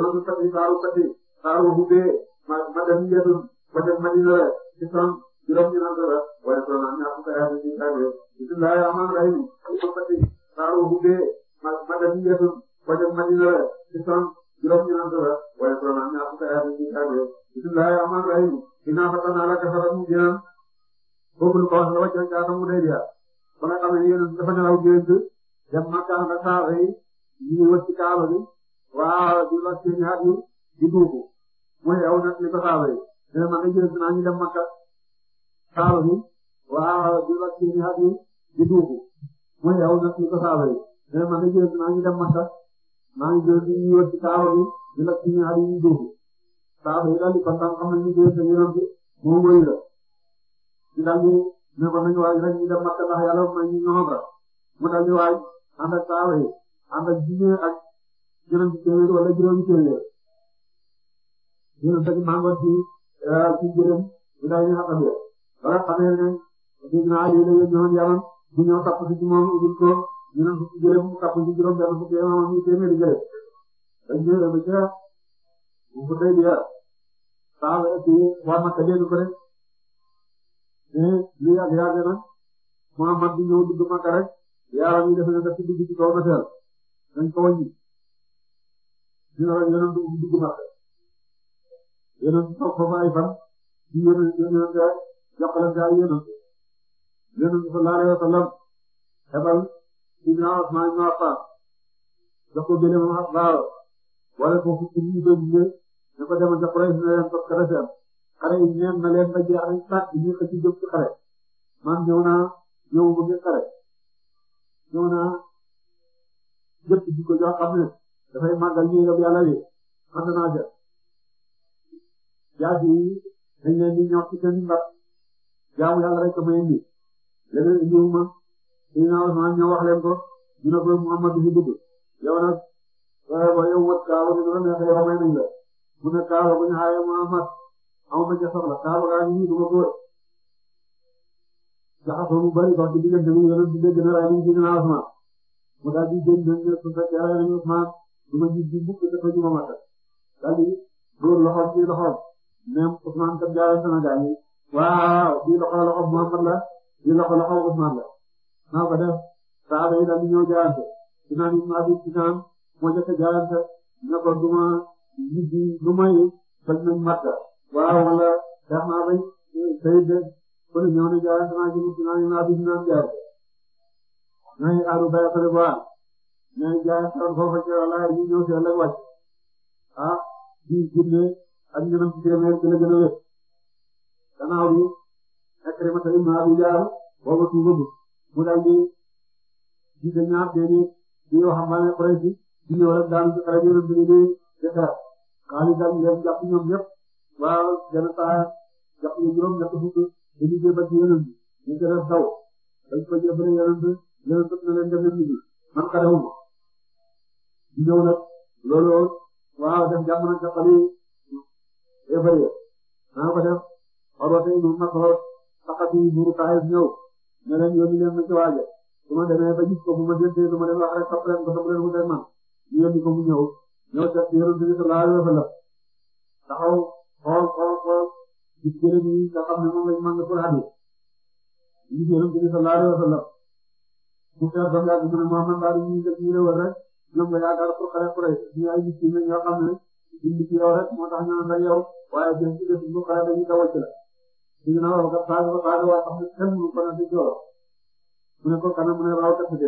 borom sa si saaru sa si saaru bu dee ma ma dem njëriñ ma dem Madina la ci son juróomi naan la la waaye soo naan ñaar fukki at yi tawee bismillahir rahmanir rahim borom sa si saaru bu dee ma ma dem njëriñ ma dem Madina la ci son juróomi naan la la waaye soo naan ñaar fukki at yi tawee bismillahir rahmanir rahim inna fatahna laka fathan mubinan boobu lu ko wax la wàcce ca Hudaybiya ba nga xam ne yéen dafa nelaw gént dem Makka ak saaba yi ñu wër ci Kaaba bi waaw di la seen at yi di duufu mooy aw nag ni ko saaba yi ne ma ngi jël naa ñu dem Makka saaba bi waaw di la seen at yi di duufu mooy aw nag ni ko saaba yi ne ma ngi jël naa ñu dem Makka maa ngi jël ñu wër ci saaba bi di la seen at yi di duufu saaba yi daal di kontaan xam nañu jël sa yonent bi moom mooy la ci daal di ne ko nañu waaj rek ñu dem Makka ndax yàlla may ñu ñoom ra mu daal di waaj ànd ak saaba yi ànd ak jigéen ak juróomi téeméer wala juróomi téeméer ñu teg mango ci ci juróom ñu daal di xaqal yow wala xamee ne dinaa lii la yéen ñëwoon yaman bu ñëw tapp ci moom ubbil ko ñu ne fukki juróom tapp ci juróom benn fukki yaman ñu téeméeri juróom dañ ñëw ba ca bu ko tey biir saa ci waa Makka dégg ko rek mais lii yàgg yàgg na Muhammad bi ñëw dugg Makka rek yaaram yi def na def ci dugg ci kaw na teel dañ ko wàññi dina la yéen a dugg dugg Makka yéen a toog foofu ay fan ci yéen a yéen a jàppalante ak yéen a yéen a sallallahu alayhi wa sallam xebal Ibn Usman ibn Affan jox ko gëlëm mu Affan wala ko fukki ñu doon jugee ne ko demal ca Quraysh ne leen toog xare seen xare yi neen na leen ba jeex nañ sàcc ñu xëcc jóg ci xare man ñëw naa ñëw bu ngeen xare ñëw naa jëpp ji ko jox xam ne dafay màggal ñu yóbbu yàlla wi xam naa jël jaasi yi dañ leen di ñor ci seen mbar jaamu yàlla rek may indi leneen indiwuma suñu naan man ñoo wax leen ko ñu ne ko Muhammad bi dugg yow nag ba yow wat Kaaba bi dina neex yow may nañ la mu ne Kaaba bu ñu xaayee Muhammad amuma ca soxla Kaaba gaa ngi nii du ma ko wër jaxasoo mu bari wax ci diggante bi yéen a dégg na rajo bi ci ginnaaw Usmaan mu daal di dégg ñu ne su fekkee rajo bi Usmaan du ma gis gis bukk dafa ñu ma matal di dóor loxoom bii loxoom même na gaa yi waaw bii loxo loxo Muhammad la bii loxo la naa ko def saaba yi daal di ñëw jaayante Sinaan Sinaan moo jëkk jaayante ne ko du ma gis gis lu may bañ nañ Makka waaw wala tax naa bañ Sayyid de kon ñëw na jaayante naa ci Sinaan ibn Abi ñooy jaay askan foofa ci wàll yi ñëw si ëllëg wàcc ah bii junne ak ñeneen ci téeméer gën a gën a wér gannaaw bi Ikrimata ibn Abi Jahl boobu tuubagu mu daal di jiite ñaar déedéet di waxambaane Quraysh di ñëw rek daanu ci xarit yeneen bi ñu ngi ci xeex Xaalid daal di leen jàpp ñoom ñëpp waaw gën a saa jàpp ñu juróom ñett fukk dañu jéem a ci yeneen bi ñu gën a daw dañ ko jéem a yeneen bi yeneen bi na leen dem leen liggéey man xarewuma ñëw nag loolu waaw def jàmm nag jàppale yëfër yi naa ko def xorwate mu ma ko saqati buuru taayif ñëw ne leen yónni leen ma ci waaje su ma demee ba gis ko bu ma jëntee lu ma leen wax rek topp leen ko topp leen mu leen man ñu yónni ko mu ñëw ñëw seet si yonent bi sallallahu alayhi wa sallam taxaw xool xool xool gis jërëm yi nga xam ne moom lañ màng pour hadis gis yonent bi sallallahu alayhi wa sallam mu feer ba mu yàgg mu ne Muhammad daal ñu jël ñu rek ñoom nga yaakaar pour xale xure yi ay nit ñi ñoo xam ne indi ci yow rek moo tax ñu naan yow waaye bu ci def bu xale dañuy dawal ci la ñu ne waaw kat Sadio ba Sadio waaye xam ne kenn mënu ko naan ci jooro mu ne ko kanam mu ne waaw kat bi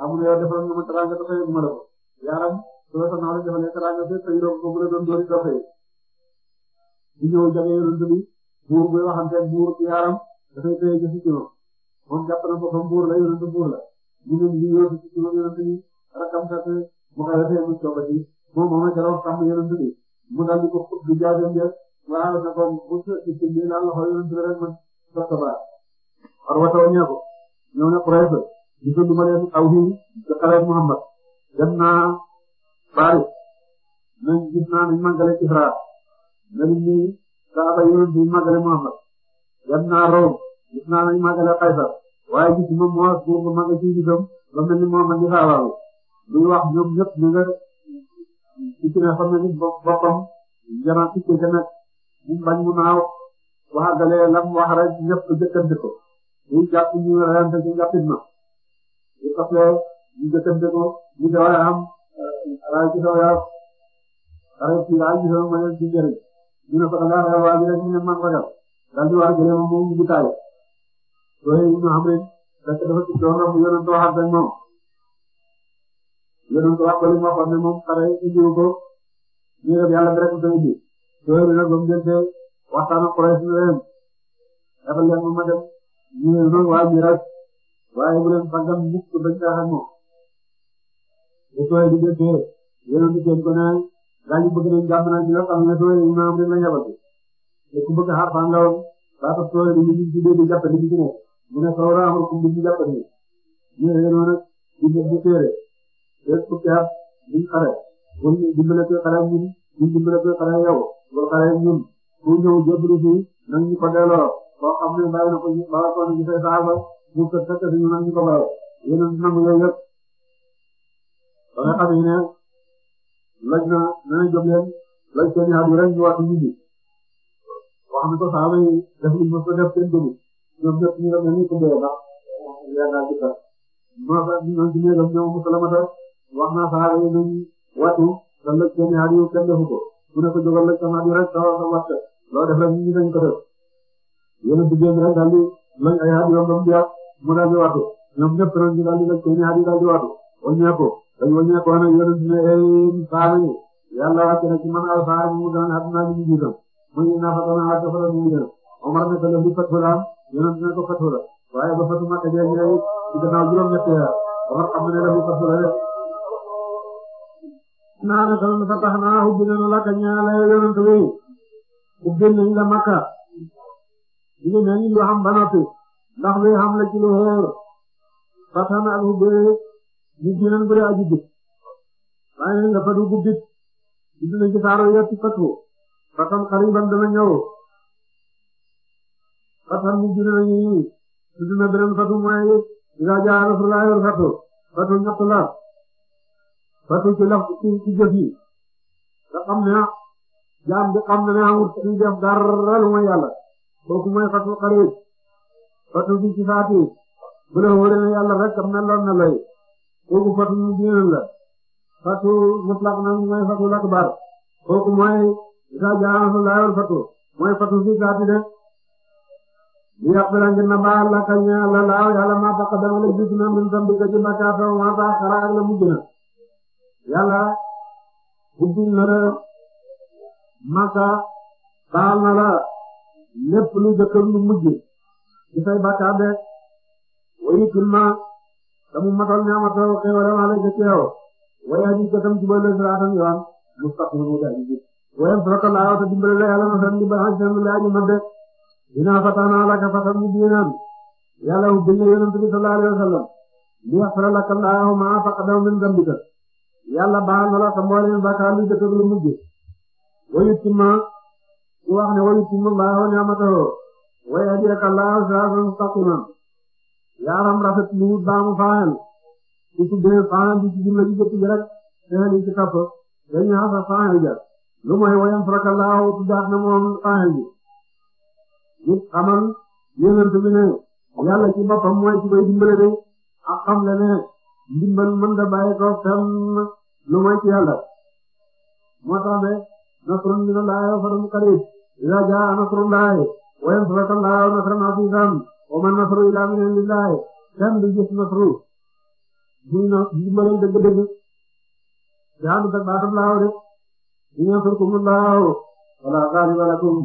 ah mu ne yow defal nga ma teraanga dafay ma la ko yaaram su la sa naaw la defalee teraanga bi tey doo ko mën a doon doori doxee di ñëw jage yonent bi buur buy waxanteeg buur yaaram dafay tey jëfi ci moom moom jàpp na boppam buur la yonent buur la ñu ne ñu ñëw ci ci yonent bi rakam fekk mu xëy na tey mu soog a ji moom moom la keroog sàmm yonent bi mu daal di ko di jaajëm jeex waaw ne ko bu ci ci lii laal loxo yonent bi rek man sax sa baar. war nga taw ñëw ko ñëw ne Quraysh gis nga lu ma leen aw fii ci xareet Muhammad dem naa Paris nañ gis naa nañ màggale Israa ne nit ñi saaba yonent bi màggale Muhammad dem naa Rome gis naa nañ màggale Qaysar waaye gis nga mois bu ma nga ciy gisam ba mel ni Muhammad di luy wax ñoom ñëpp ñu nga ci ci nga boppam jana ci ci mu bañ mu naaw wax rek ñëpp jëkkante ko muy jàpp ñu rente ci njàppit na bu taxee ñu jëkkante ko ñu daway am euh, ray ci daw yaa ray ci ray ci sama mayoon ci njëriñ ñu ne ko da ngaa rew waa ji rek ñu ne man ragal wax gëlee mu ngi taay loolu ñu xam rek parce que dafa ci moom yéen a ko li mu moom xare indiwu ko ñu ne yàlla rek dafa indi soo bi nag ba mu jël see waxtaan ak Quraysh ñu leen waaye bu leen fàggam mukk bañ caaxaan moom. te soo di jël see yéen a ngi seen ko ne gaa la xam ne soo la ñabal te ku bëgg xaar fàngawam daa ko soo yi di jàpp di ci ni di jël di lépp fukki at buñ xare buñ dimbale ko xare ñun buñ dimbale ko xare yow boo xare ñun ku ñëw jébbalu fi nañ ñu ko delloo koo xam ne bàyyi na ko ñu bala ko ñu gisee saaba ñu ko fekk si ñu nañ ñu ko bàyyi yéen a nangu yooyu yëpp ba nga xam ne laj na dana jóg leen laj seen i at yi rek ñu war a ñu ji wax na ko saaba yi def lu mos a def seen dugub ñoom ñëpp ñu dem nañu ko béyee ndax yaa ngi daal di ko. moo tax ñu ngi leen di ñëw musalamata wax na saxaaba yi nañ wattu sa lëg seen xar yu kenn defu ko ku ne ko jógal lëg sama yu rek sa sa wat loo def rek ñu dañ ko def yéen bu génn rek daal di lëg ay xar yoo xam ne mu daal di wattu ñoom ñëpp rek ñu daal di lëg seen xar yi daal di wattu wàññeeku dañ wàññeeku woon ak yéen ne ay saa nañu yàlla wàcc na ci man al saa mu daan at naa ñu ngi jiitam mu ngi naa fa dana wàcc fa la ñu ngi dem Omar ne ko leen di fatu la yéen ne ko fatu la waaye ba fatu ma ka jeex ñëw ci gannaaw juróom-ñetti yaa Omar xam ne la di fatu la rek naana karoon fa tax naa ubbi la ka ñaareel yonent bi ubbi nañu la makka la ci lu na ak ubbi ñu dinañ bëri aji bi waaye nag dafa dugg bit dina ci saaro yetti fatu fa tam xariban dana ñëw fa tam ñu dinañ ñu dina nga jaar parce que la ci ci jëf yi nga xam ah, bi xam ne amul suñu def dara lu mooy ci saati bu la wóoree ne yàlla rek am na lool na lay kooku mu diine la fatul mutlaq na mooy fatul akbar kooku mooy isa jaam laayol fatul li yàq la na baal la kañ la laaw yàlla maa tax dama la na min tam ka ci bakkaatoo maa tax xara ak la mujj na yàlla ubbil na la masa baal na la lépp lu jëkk lu mujj ci say bàkkaar wayu kilma tamu matal ne amatal xewalam ala jëkk yow way aji jëkkam jubal la siraatam yoon mustaqim mu daal ji way faraka la wa dimbal la yàlla masal ni baax jëm la ñu mabbe dina fatana laka fatam ni diinam yàlla ubbil na yonent bi sallallahu alayhi wa sallam li yaxfara laka allahu ma dambika yàlla baal na la sa mbooleem bàkkaar lu jëkk ak lu wax ne wayu timma laahu ni'matahu wa yahdiyaka laahu yaaram rafet lu baamu faaxel su ci gënee faaxel bi ci jumla ji jëkk ji rek ci kapp dañu xasa faaxel ja lu mooy wayam faraka laahu tuddaat na moom faaxel bi nit xamal yéenante bi ne yàlla ci boppam mooy ci koy dimbale de ak le ne ndimbal mën da bàyyi ko fenn lu moy ci yàlla moo tax ne nasrun minallahi wa fathun qarib idha jaa nasrullahi wa yansurullahi nasran azizan wa man nasru illa min indillahi kenn du gis nasru duñ na ndimbalal dëgg-dëgg jaanu tak baatam laaw de in yansurkumullahu wala ghaliba lakum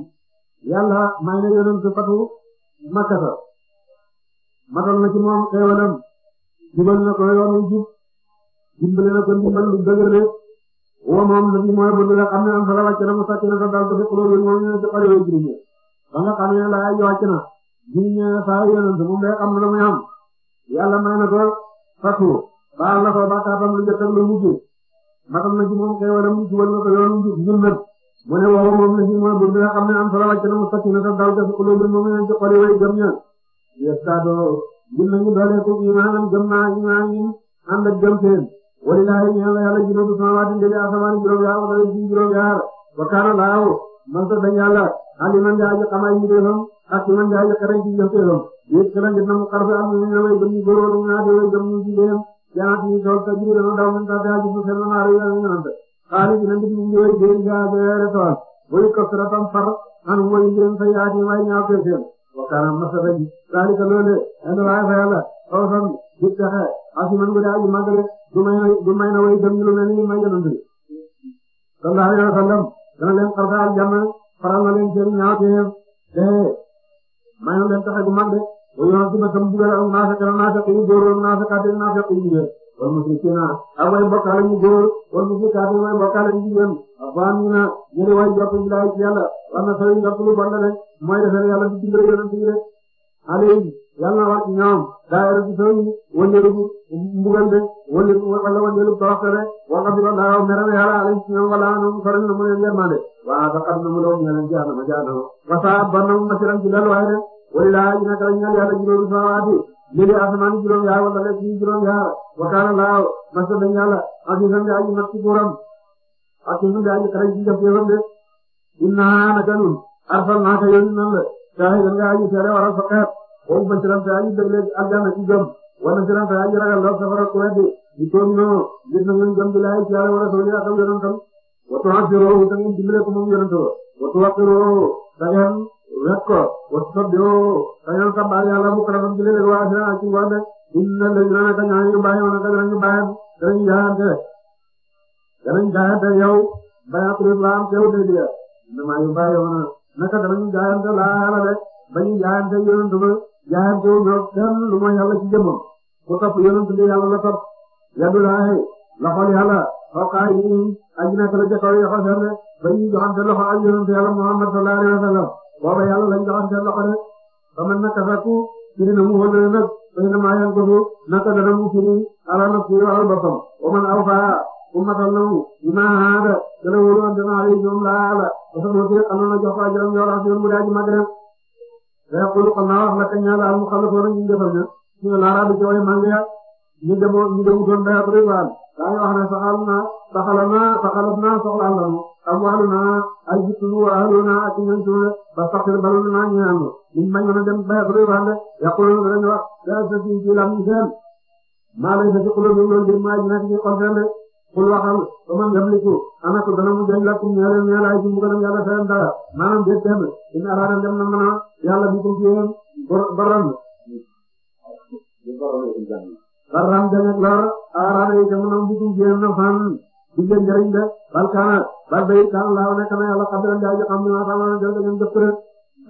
yàlla may na yonent fatu makkata matal na ci moom xeewalam jubal na ko yoon wu jub dimbale na ko dimbal lu dëgër de woo moom la fi mooy bëgg nga xam ne am fa la wàcc na mu sàcc na ko daal ko def loolu moom ñu ne ci xale yu jur ñi ba nga xam ne laa wàcc na jur ñi saa yonent moom day xam la muy am yàlla may na ko fatu baal na ko bàkkaatam lu jot ak lu mujj matal na ci moom kay wala mu jubal na ko yoon wu jub jub nag mu ne woo moom la fi mooy bëgg nga xam ne am fa la wàcc na mu sàcc na ko daal ko def loolu moom ñu ne ci xale yu jur ñi gis nañu dooleeku imaanam gëm naa imaan yi ànd ak gëm seen walilaahi ñeel na yàlla junuudu samaawaati ndege asamaan juróom-ñaar wala juróom-ñaar wa kaana laahu man sax dañ yàlla aliman jaaji xamaay mi deefam ak ci man jaaji xarañ ci jëfteefam yéeg kala ngir na mu xarfe am ñu ne way gëm ñu góor wala ñaate way gëm ñu jigéen jaat yi tool sa jiri dana daw min tata ji su seen maaro yi ñu nante xaali dina mbit ñu way déen jaa ba weere tool wayu kafiratam far an way ngeen sa yaati way ñaaw seen wakana masala ji zalika loolu ene waay fa yàlla faw xam jub taxe asiman gu daaji màgg rek du may na du may na way dem lu mel ni may yonent bi sallallahu alayhi wa sallam dana leen xarfaal jàmm faral na leen seen ñaawteef te may na leen taxe gu màgg de way yonent ba tam bugal ak naafiq naafiq yi góor ak naafiqaat naafiq yi jigéen wal musrikiina ak way bokkaale ñu góor wal musrikaat way bokkaale ñu jigéen afaamiina ñu ne way jàpp billaay ci yàlla war na sori jàpp lu bon la rek mooy defee yàlla di dimbali yonent yi rek alayhi yàlla na wax ci ñoom daayira di sooy wëndeelu mbugal de wëndeelu wala wëndeelu toroxte de wala bi laaw meram yàlla alayhi ci ñoom wala ñoom sori na mu leen yermande waa ba xam na mu law ñaleen jaanama jaanama wasaa ban na mu masiram ci lal waaye de wala ñu nekk la ñu ñaan yàlla ji loolu sawaati li di asamaan juróom-ñaar wala lépp ci juróom-ñaar wakaana laaw parce que dañu yàlla ak ñu sën aji mat ci buuram ak ñu sën aji xarañ ci jafe-jafe de innaa naka ñun arsalnaaka yoon nan la shaahidan nga aji seere waral sa xeet boobu basiran te aji déglee aljanna ci jëm wala basiran te aji ragal la safara ku weddi ñu toog ñoo gis na ngeen jëm bi laay ci yàlla wala sooli ak yonentam wa tu'assiroo te ngeen dimbale ko wa tuwaqiroo wet ko wet ko doo dañoo sabbaal yàlla bu kala doon jëlee waa Sénégal ci ngoon de ñun dañu leen a kañ ñu bàyyi woon kañ la ñu bàyyi danañ jaayante danañ jaayante yow bàyyi ak réew la am teew de biir damaa ñu bàyyi woon naka danañ jaayante laa la rek ba ñu jaayante yonent ba jaayante wu ñoom kenn lu mooy yàlla ci jëmmam ku topp yonent bi yàlla la topp yadu laahi la xool yàlla xookaay yi aji nekk la ca kaw yi xasee ne ba ñuy joxante loxo ak yonent yàlla Muhammad sallallahu alayhi wa sallam booba yàlla lañ joxoon seen loxo rek ba man naka sakku firi na na maa yan ko naka dana mu firi ala na firi wala boppam ba man aw faa ku matal na mu ñu mu di mag rek. day xool xam naa wax la kañ la al mu xalu ko ñu defal ña way màngi ya ñu demoon ñu demutoon day ab rek waal daa ñu wax ne saxal naa saxalal naa saxalal naa soxlaal amwaaluna arjitunu wa ahluna ak ñoom suuna ba saxir balul naa ñu naan ñu bañ a dem ba xëy ba xëy yaquluna dañu wax yaa sa si ci lam ñu seen maa lay sa ci xulóom ñu loolu bir maa dina ci xol seen rek xul waxal ba ko dana mu jañ la kum ñaareel ñaar ay ci mbugalam yàlla seen dara maanaam déet seen in araada dem na mën a yàlla bi ko ci yéen baram baram dem ak lor araada yi dem na mbukum ci yéen na fan di leen jëriñ de bal kaana bal bay kaana laaw nekk na yàlla xabiran daaji xam ne maataamaana jël ngeen jëf ko rek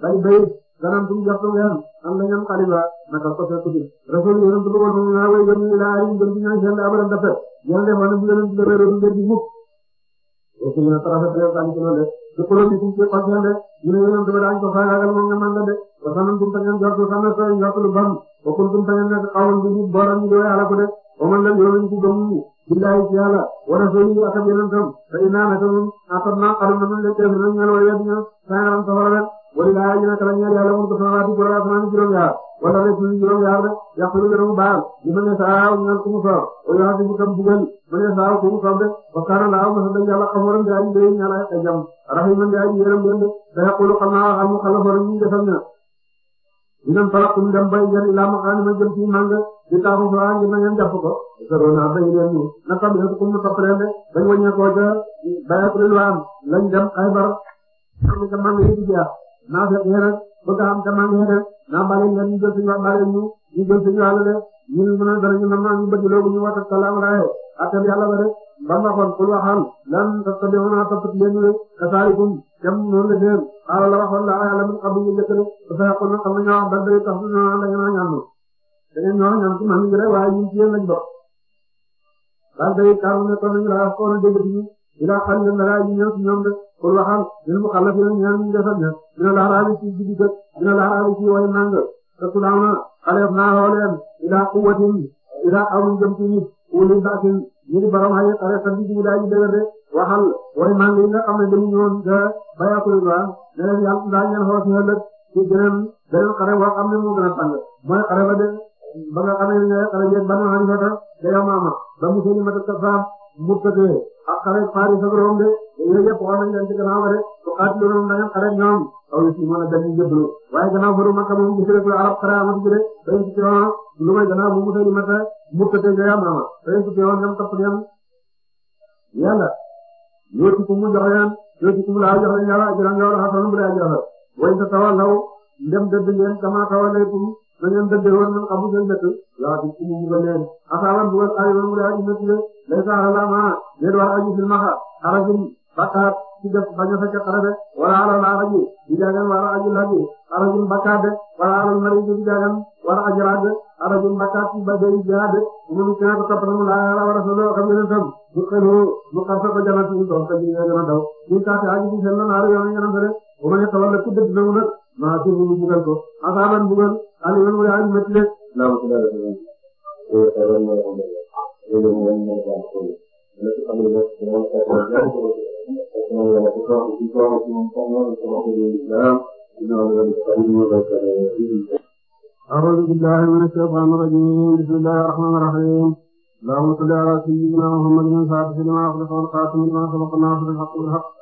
bal bay ganam tum jàpp ngeen am la ngeen xaliba naka ko fekk bi rasul yonent bu ko dum naa way jëm ni laa yi jëm ci ñaan seen abadan dafa yàlla def na bu yonent bu réeru ngeen di mukk rasul na tarafa tele tan ci loolu ci ko bi kum ci ko seen de ñu ne yonent ba daañ ko faagal mo nga man la de wa sanam tum tan jor to sama so ngap lu bam ko kum tum tan ngeen xawon bi boram ñu do yàlla ko de o man la yonent ku gëm billahi ci yàlla wa rasulihi ak yonentam fa inna nakamun atanna qadamna lil na kala ñal yàlla mun ko samawati ko la sama juróom yaar wala rek ñu juróom yaar rek yaqulu lahu baal li man saaw ñal ko mu saaw o yaa ci kam man saaw ko mu saaw de wa kana la aw hada yàlla xamoram daal de ñal ay rahiman daal yéram de da yaqulu qanna al mukhallafun min defal na ñu dem talaqum li taxaw fa ngi na ngeen jàpp ko sarona bay leen ni na tabi ko mu toppaleen de dañ wañee ko ca bayatul waan lañ dem Xaybar am ca mang yi di jeex naa fekk yéen rek bëgg am ca mang yi def naa bàyyi leen ñu jël suñu wax bàyyi ñu ñu jël suñu wàll de ñu mën a danañu nam naa ñu bëgg loolu ñu waxta salaam raxe attab yàlla ba de ba waxoon kul waxal lan tattabi'una toppat leen rek kasaalikum cam noonu la seen xaala la waxoon la yàlla min qabl ñu njëkk de dafa yàqoon na xam nga ñoo wax ba day tax te ñooñu ñoom ci man mii rek waaye ñun ci yéen lañ bokk daal day kaaru ne kon ñu laa xool dégg ci ñu ñu laa xam ne laa ñu ñëw ci ñoom de pour waxal ñun mu xalaat yéen ñaan way màng te ku laaw na naa xooleen ilaa quwwatin ilaa awun jëm ci nit wuli baatin ñu di borom ay xare sa bi daa ñu dëgër de waxal way màng yi nga xam ne dañu ñëwoon te bayatul ba ne leen yàlla daa ngeen xool si ëllëg ci beneen beneen xare boo xam a ba nga xamee ne xale bi Banu Hanifata da yow maama ba mu seen i matal sa faam mu tëddee ak xale Faris ak Room de yooyu yëpp wax nañ leen ci gannaaw ba de su xaati loolu da ngeen xale ñoom aw si mën a dem jëblu waaye gannaaw faru Makka moom gis rek la arab xale amatu ci de dañ ci teewoon lu may gannaaw bu mu seen i matal mu tëddee da yow maama dañ ci teewoon ñoom topp ngeen yàlla yoo ci ku mu jox leen yoo ci ku mu laaw jox leen yàlla ajran yow la xasanu bu lay ajran way sa tawalaw ndem dëdd ngeen kama tawalaytum na ngeen dëggee woon ñun xamu seen dëkk waaw bi ci mu ngi leen asaaban bu ay woon mu lay aji nekk leen lay saara la maa leen war aji fil maxa xarajin bakkaat ci def bañ a fekk xarabe wala alal araji di jaagan wala aji laji xarajin bakkaat de wala alal mariji di jaagan wala aji raad xarajin bakkaat ci badee jihaad mu ngi kenn ko topp na mu laa yàlla war a solo xam ngeen tam bu xelu bu xarfe ko jana tuuti doon ko jina jana daw ñu taate aji ci seen na naaru yoon ngeen am fere bu ma ñu tawal la ku dëgg na mu nag maa ci mu bugal ko asaaban bugal आणि वेगवेगळ्या आणि म्हटले नाव सुद्धा أعوذ بالله من الشيطان الرجيم بسم الله الرحمن الرحيم اللهم صل على سيدنا محمد بن صادق لما أخلص والقاسم لما سبق الناصر الحق والحق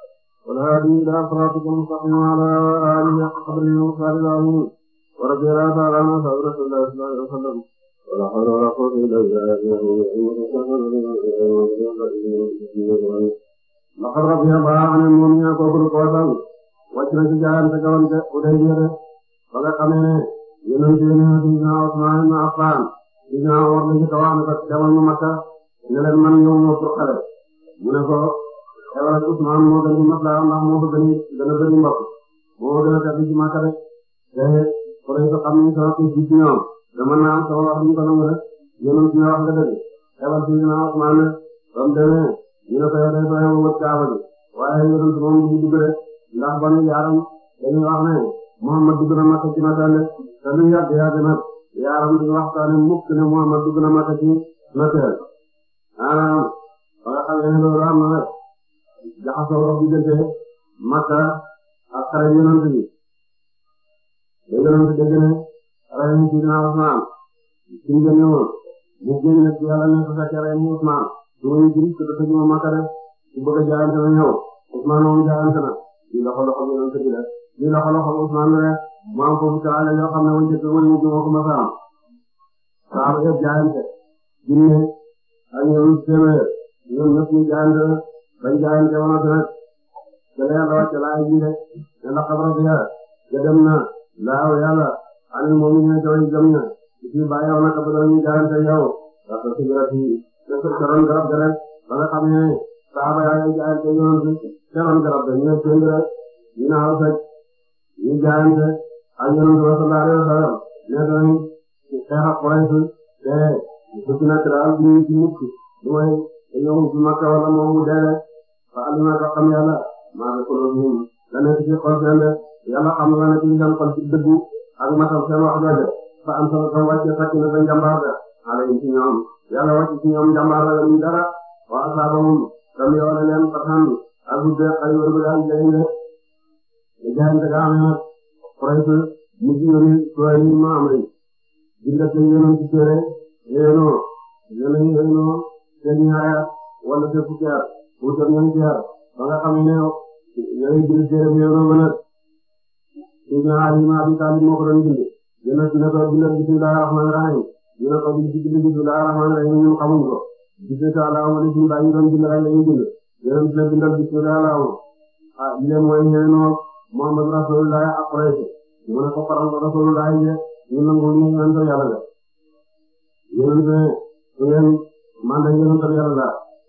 والهادي إلى صراطك المستقيم وعلى آله حق قدره وقال العظيم ورضي الله تعالى عنه وصحبه رسول الله صلى الله عليه وسلم ولا حول ولا قوة إلا بالله لقد رضي الله عن المؤمنين كفر قوتهم وجنا ci jaarante kawoon ca Hudaybiya de ba nga xamee ne yonent yi ne Sidina Usmaan ibn Affaan Sidina Umar la ci kawoon ko demal ma Makka ne leen man ñëw moo pour xale mu ne ko xewal Usmaan moo gën di mat laa ndax moo ko gën a gën a bëri mbokk moo gën a tedd ci Makka rek kuréel nga xam ne sama kër gi ci ñoom dama naan sama wax ñu ko nangu rek yéen a wax nga dëgg xelal si dina wax maa ne ba mu demee ñu ne ko yow day doyoo wër caaba bi waaye yéen a moom du dugg rek ndax ba nu yaaram dañuy wax ne Muhammad dugg na Makka ci Natale te lu yàgg yàgg nag yaaram di waxtaane mukk ne Muhammad dugg na Makka ci Natale ah ba nga xam ne loolu am na rek jaxasoo wax diggante Makka ak xare yonent bi léegi nag dëgg na rey na ci ginnaaw Usmaan suñ ko ñëwoon mu génn ci yàlla ne ko sa ca rey mu Usmaan su ma ñu gis te dafa ñëw Makka def su bëgg a jaayante na ñëw Usmaan moom jaayante na ñu loxo loxo bi doon tëgg def ñu loxo loxo Usmaan rek mu am foofu ca àll yoo xam ne wëñ ca ma saam saaba yëpp jaayante jinne ak ñoom téeméer na bañ jaayante woon na te nag ca leer la wàcc laay ji de ne la xabar bi ya dem na laaw yàlla anil mu'miniina ci way gëm ña ci bàyyoonaka ba danañu garante yow raka sigrati caroon garab ga rek ba nga xam ne saaba yaa jaayante yoon caroon garab ga ñu sëng rek ñu naaw fekk ñu jaayante ak yonent ba sallallahu alayhi wa sallam ne danañ xeex ak Quraysh te su ci natural bi ñu ci mukk du may ñëw ci Makka wala moom mu dee fa alima ka xam yàlla maa ngi ko doon la nekk ci xol seen yàlla xamal na ne bu ñu daan xool ci dëggu ak matal fa am sama kam wàcce fekk na sa da xale yi ci ñoom yàlla wàcc ci ñoom njàmbaar la dara wa asaabahum tam yoo la leen fatan ak bu dee xale yu bëgg ay jaay de jaay de gaa amee Quraysh mu ma am rek dinga seen yéenoon ci téere yéenoo yéenoo yéenoo seen ñaari at wala seen fukki at wutal ñoom ci at ba nga xam ne Seydina Ali ibn Abi Talib moo ko doon bind yonent bi ne ko bindal bismillahir rahmanir rahim ñu ne ko bind ci bind bismillahir rahmanir rahim ñun xamuñ ko gis nga allahumma bismillah ñu doon bind rek la ñuy bind yonent bi ne bindal bismillah allahumma ah di leen mooy xeeno Muhammad rasulullah ak Quraysh ñu ne ko faral ko rasulullah yi ñu nangu ñu yonent yàlla la yonent su ngeen manda yonent yàlla la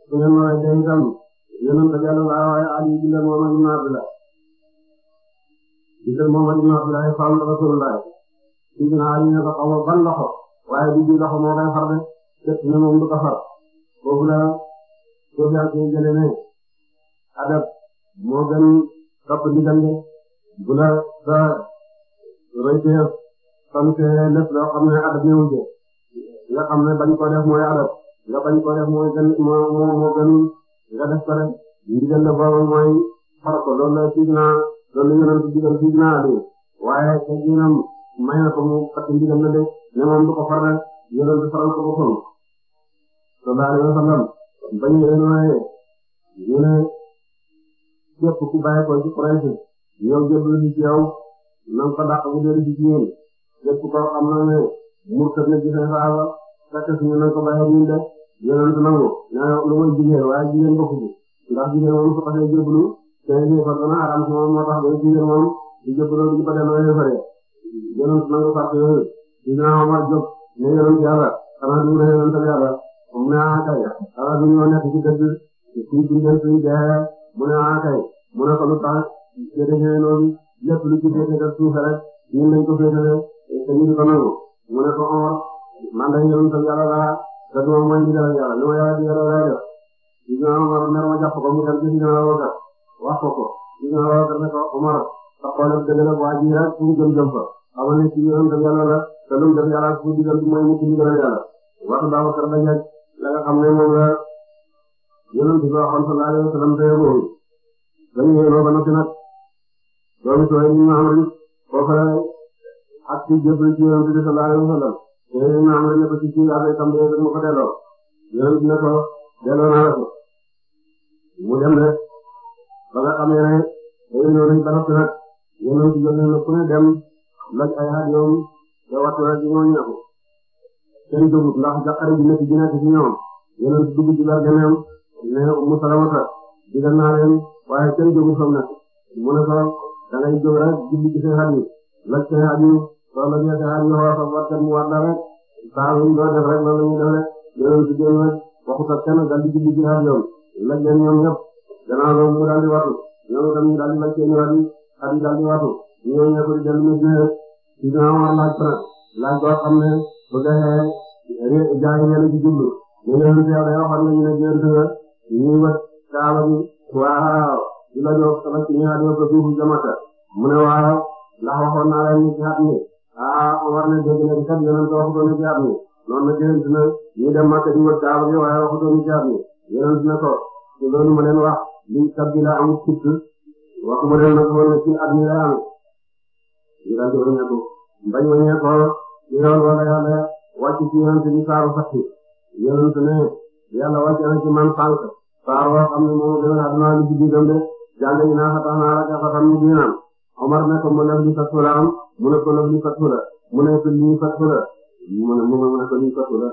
su ngeen mooy itam yonent yàlla la waaye Ali bindal Muhammad ibn Abdullah Sidina Muhammad ibn Abdullahi Fane Rasulullah Sidina Ali ne ko xaw ma ban loxo waaye du ji loxo moo koy far de def ne moom du ko far foofu la Sufyaan koy jëlee ne adab moo gën topp ndigal de bu la sa royteef sant lépp loo xam ne adab néew je nga xam ne bañ ko def mooy adab nga bañ ko def mooy gën moo moo gën nga def ko rek ndigal la boobu mooy far ko loolu la Sidina loolu la yonent digal fii dinaa la waaye xëy na may na ko mu fàttali ndigal na de ne moom du ko faral yonent faral ko boppam sallallahu alayhi wa sallam bañ a yéenooyee ñu ne képp ku bàyyi ko ci Quraysh ñëw jébbalu ci yow na nga ko dàq bu dee ci yéen képp koo xam na ne murtat na ci seen saaba fekk si ñu na ko bàyyi ñun de yonent nangu lu may jigéen waaye jigéen nga ko ndax jigéen moom su xasee jébbalu te ñu ko gën a aram si moom moo tax ba ci moom di jëpp loolu di ko delloo yëfare yonent nangu fàq yooyu dina Omar jóg ne yonent yàlla xanaa du yonent yàlla mu ne ah kay xanaa du ñu nekk ci dëkk suñ suñ dem suñ dee mu ne ah kay mu ne ko lu tax te defee loolu lépp lu ci defee def suuf rek ñun dañ ko féetale te ñu di ko nangu mu ne ko Omar oh, man de yonent yàlla laa te du ma mën di dara yàlla li ma yàlla di yàlla lay def dina Omar mer ma jàpp ko mu dem ci ginnaaw wax ko ko dina wax dana ko Omar sa xoolam dëgg la waa ji rek fu mu jëm jëm fa xamal ne digal mooy mu ci digal wax Babacar bañ a la nga xam ne moom la yonent bi waxoon sallallahu alayhi wa sallam te moom dañu yéenoo ba noppi nag doomu sooy ñu amri foofa ak ci jébal ne ko ci ci affaire tam bi ma ko delloo yonent bi ba nga xam ne réunion nañ ba noppi nag yéen dem laaj ay at yoon te waxtu rek ñoo ñëw seen dugub ndax jàkkaare bi nekk dina a ne Ummu Salamata digal naa leen waaye seen dugub xam na ne ko da ngay jóg rek julli ci seen at yi laaj seen at yi soo laajee seen at yi war a fa war mu war la rek la ñuy a gannaaw loolu mu daal di watu ñoom itam ñu daal di wàccee ñëwaat yi xar yi daal di watu ñoom ñoo ko di dellu ñu jiwee ci ginnaaw war laaj farat laaj boo xam ne bu dee jaay ngeen ci jublu ñu ngi leen di seetlu yoo xam ne ñu ne jënd ñu wër kaaba bi waaw di la jox sama ci ñaar ñëpp a dugg jamata mu ne waaw ndax waxoon naa leen ñu ci at mi ah war na dégg ne kat yonent waxu ko ñu ci at mi noonu la jënd na ñu dem Makka di wër kaaba bi waaye waxu ko ñu ci at mi yonent na ko loolu ma leen wax. liñ kat bi laa amul picc waxuma leen nag moo ne ci at mi lay amee ñu daal di wëññeeku mbañ wëññeekoo ñu doon wala yàlla wàcc ci yonent bi saaru fàtti yonent ne yàlla wàcc na ci man sànq saar woo xam ne moom dana aduna li ci diggam de jàng yi naa xataa naa raka xatam ni diinam Omar ne ko mu lëb li fattu la am mu ne ko lëb li fattu la mu ne ko lii fattu la mu ne mu ne ko lii fattu la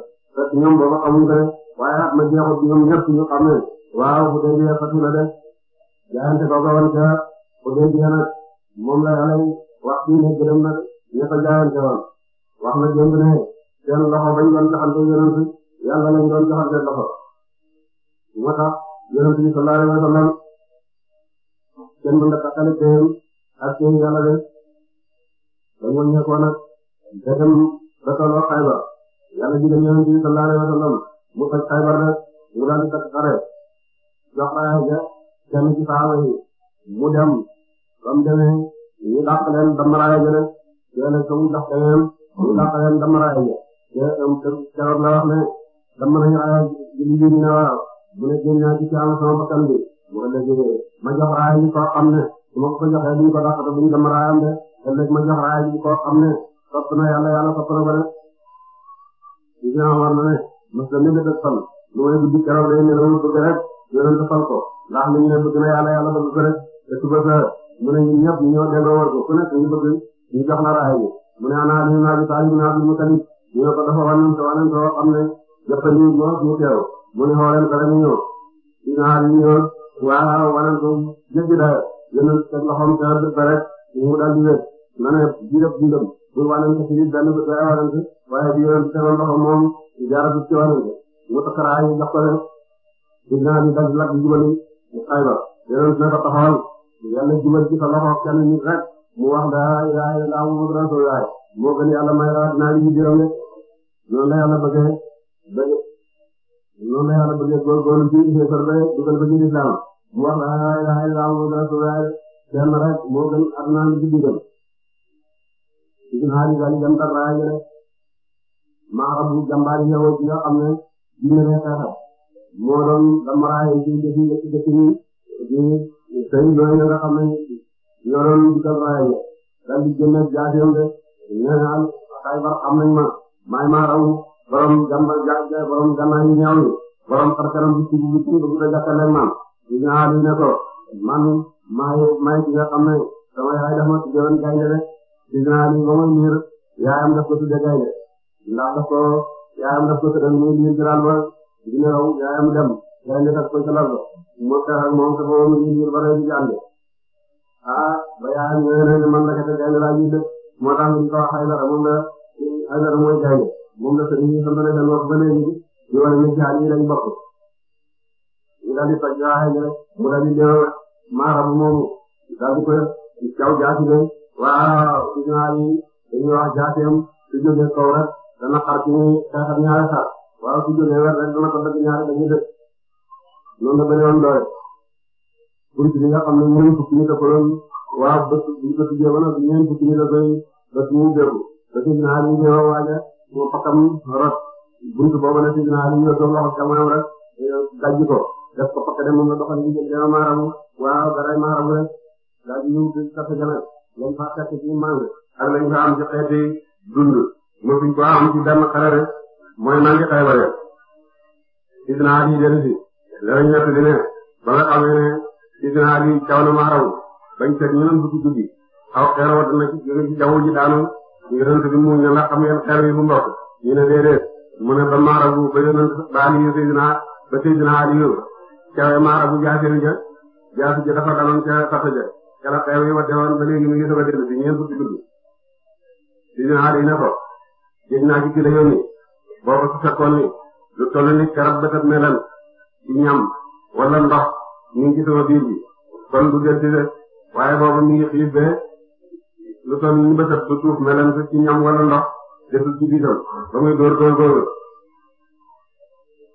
ñoom booba xamuñ ko ne waaye at ma jeexut ñoom ñëpp ñu xam ne waaw Hudaybiya fatu na de jaayante ko woon ca Hudaybiya nag moom la yàlla wax fii ne gërëm na ña ko jaayante woon wax na démb ne seen loxo bañ doon joxante yonent yàlla lañ doon joxante loxo moo tax yonent bi sallallahu alayhi wa sallam kenn mën na takkale teem ak teem yàlla de dañ wàññeekoo nag da dem ba tolloo Xaybar yàlla digal yonent bi sallallahu alayhi wa sallam mu faj Xaybar rek mu daal di takk xare jox raaya ja kenn ci saaba yi mu dem ba mu demee ñu dàq leen damm raaya ja nag kenn ku mu jox keneen ñu dàq leen damm raaya ja te keroog la wax ne damm nañu raaya ji li ñu ne waaw mu ne génn naa ci ci àll sama bakkan bi mu ëllëgee ma jox raaya ji koo xam ne su ma ko ko joxee duñ ko dàq te duñ damm raayam de ëllëg ma jox raaya ji koo xam ne sopp na yàlla yàlla sopp na ko de gis naa war na ne mos la mébét ak fan lu may guddi keroog day nelawul bëgg rek yonent fal ko ndax li ñu ne bëgg na yàlla yàlla bëgg ko rek te suba sa mu ne ñun ñëpp ñoo delloo war ko ku nekk ñu bëgg ñu jox la raay bi mu ne ana Ali naa bi Taalib naa bi Mutalib ñu ne ko dafa wanante wanante woo xam ne jëppandi ñoo ñu teew mu ne xooleen ko rek ñu ñëw dina Ali ñëw waaw wanante jéggi dayo yonent teg loxoom ca bët ba rek mu dal di wéet na ne ji def dundam pour wanante ci benn bët waaye wanante waaye bi yonent tegoon loxo moom jaaratu ci wanante mu takk raay jox ko rek ci dana bi daf lak jubali Xaybar yonent na ko taxawal yàlla jubal ci sa loxo kenn nit rek mu wax laa ilaaha illallaah Muhammadu rasuulullaah moo gën yàlla may rawaat naa li ci biiram de noonu la yàlla bëggee bëgg noonu la yàlla bëggee góorgóorlu ci xéefar ba dugal ba ci lislaam mu wax laa ilaaha illallaah Muhammadu rasuulullaah kenn rek moo gën ak naa li ci biiram ibn haali gali jam tar raaya jële maa rabu jambaari xewoo ci nga xam ne dina ne xeexat moo doon damaraay ci dëkk yi dëkk yi di sëy yooyu nga xam ne ñoo doon digal raaya ya dal di génne jaasiyam de nee naa Xaybar xam nañ ma maay maa raw borom jàmbar ja borom gànnaay yi ñaaw yi borom xarkanam bi ci bi ci bëgg a jàkkale man di ñaar yi ne ko man maay maay ki nga xam ne sama yaay dafa ma tuddewoon gaynde de di ñaar yi ba muy niir yaayam daf ko tudde gaynde ndax daf ko yaayam daf ko tudde muy niir giraal ba di nelaw yaayam dem gaynde takk ko ca lardo mu xeex ak moom te boobu mu ngi ngir ba léegi jànd ah ba yaayam ñëwee na ne man la kat gaynde laa jiite moo tax ñu ko wax Aydara moom la Aydara mooy gaynde moom la sëriñ bi sant na leen wax ba léegi ñu wane ne jaar yi lañ bokk ñu daal di faj waaye ñu rek mu daal di ñëw maarabu moomu daal di koy caw jaasi ne waaw ci ginnaaw yi dañuy wax jaaseem su jógee kaw rek dana xar ci xeex ak ñaari xar waaw su jógee weer rek dana ko dagg ñaari dañuy def noonu la bëri woon doole pour que nga xam ne ñoom fukki nit a ko doon waaw bët bu bët jéem a nag ñoom fukki nit a koy bët mu ubbeeku bët yi ñaari ñu ñëw waaja mu fakkam rot buntu boobu nag ñu ñaari ñu doon loxo càmmoñ rek daj ko def ko fakk dem moom la doxal ñu jël dama maaramu waaw daray maaramu rek daal di ñëw ci sa gën a lañ faa fekk ci màng ak lañ fa am ci xeeti dund mësuñ ko am ci benn xarare mooy man ngi xaybaree Sidina Ali dellusi danañ nekk di ne ba nga xamee ne Sidina Ali caw na maaraw bañ seet ñu ne dugg dugg aw xeer wat na ci jóge ci jaww ji daanu yonent mu ne la xam ngeen xeer bu mbokk ñu ne déedéet mu ne ba maarabu ba yonent ba Aliyu Sidina ba Sidina Aliyu cawe maarabu jaasiri ja jaasi ja dafa daloon ca sasa ja ca la xeer yi ba léegi mi ngi soog a dellusi ñeent fukki dugg Sidina Ali ne ko géej naa ci ki booba su fekkoon ni lu toll ni garab bëtëb melan ci ñam wala ndox ñu ngi ci sama biir bi kon du gëdd de waaye booba mi ngi xiif be lu toll ni bëtëb su suuf melan ko ci ñam wala ndox desul ci biiram ba muy dóor dóor dóor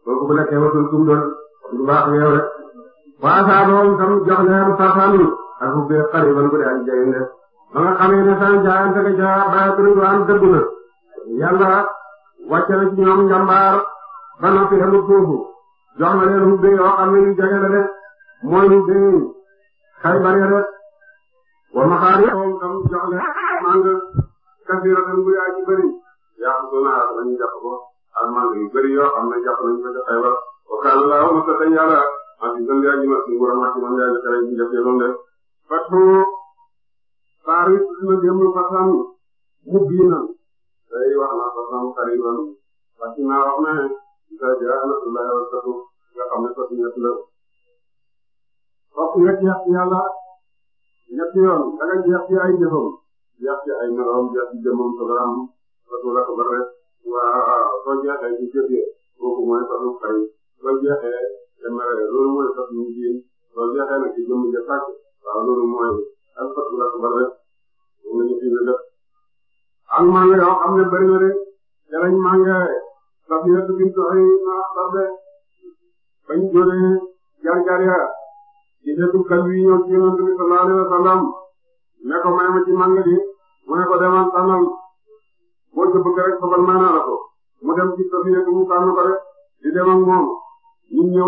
kooku bu lekkee watul kum doon du baax yeew rek waa saa boobu tam jox leen saafaraanu ak bu bee xar yi ba lu ko dee ak jaay ba nga xamee ne saa jaayante nga jaay baatu na du am dëgg na yàlla wàcce na ci ñoom njàmbaar ba noppi xelul foofu jox na leen yoo xam ne yu jege la de mooy hubbe yi Xaybar ya de kasira tan bu yaa ci bëri yaa xam na ara lañu jàpp ko al mang yu bëri yoo xam ne jàpp nañu ko ci Xaybar wa kaana laahu masatan yàlla ma tey wax naa ko sama xariban parce que naa wax ne isa jaa nasrullahi wal fathu nga xam ne sos ñett la sos ñett yàq yàlla ñett yoon da nga jeex ci ay jëfam jeex ci ay meloom jeex ci jëmmam sogaram fasu la ko bar rek waaw soo jeexee ci jëf yi kooku mooy fasu xay soo jeexee te mere loolu mooy fas ñu diin soo jeexee nag ci jëmm ja tàkk waaw loolu mooy al fasu la ko bar rek nga ñu fi def ak màngo yoo xam ne bëri na de jalañ màngo Safinatu bintu Uyayna Barde bañ jógee jar-jar ya ci dëkku Kalbi yi ñëw ci Yonent bi sallallahu alayhi wa sallam ne ko may ma ci màngo ji mu ne ko demal tànnal boo ca bëgg rek sobal may naa la ko mu dem ci Safinatu mu tànn ko rek di dem ak moom ñu ñëw